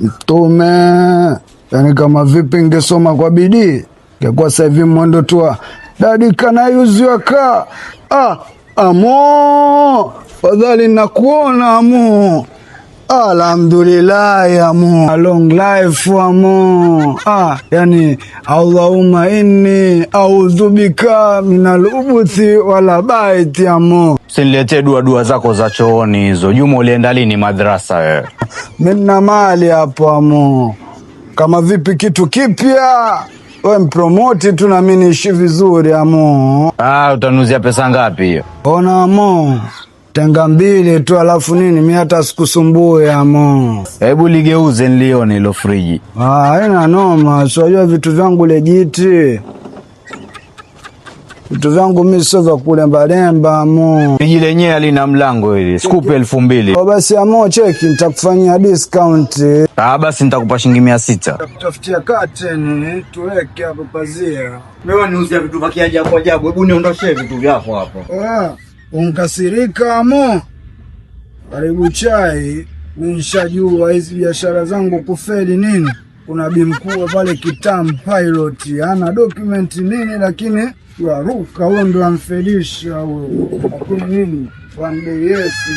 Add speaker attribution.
Speaker 1: Mtume, yani kama vipi ngesoma kwa bidii ngekuwa sasa hivi mwendo tuwa dadi ah, amo fadhali nakuona amo Alhamdulillah, A long life amo. Ah, yani Allahumma inni audhubika minal ubuthi wala baiti amo.
Speaker 2: Siniletee dua dua zako za chooni hizo. Juma, ulienda lini madrasa wewe?
Speaker 1: Mimi na mali hapo amo. Kama vipi kitu kipya We mpromoti tu na mimi niishi vizuri amo.
Speaker 2: Ah, utanuzia pesa ngapi hiyo?
Speaker 1: Ona amo tenga mbili tu, alafu nini, mi hata sikusumbue amo.
Speaker 2: Hebu ligeuze nilione hilo friji.
Speaker 1: Ah, haina noma, siwajua vitu vyangu lejiti vitu vyangu mi sio vya kulemba lemba amo.
Speaker 2: Friji lenyewe halina mlango hili, sikupe elfu mbili
Speaker 1: oh, basi amo. Cheki, nitakufanyia discount.
Speaker 2: Ah, basi nitakupa shilingi mia sita
Speaker 1: takutafutia kateni tuweke hapo pazia.
Speaker 2: Wewe niuzia vitu vya kiajabu ajabu, hebu niondoshe vitu vyako hapo.
Speaker 1: Ah unkasirika mo. Karibu chai, nishajua hizi biashara zangu kufeli nini. Kuna bimkuu pale Kitamu Pilot, ana dokumenti nini, lakini waruka huyo ndo amfelisha huyo, lakini nini wambeyesi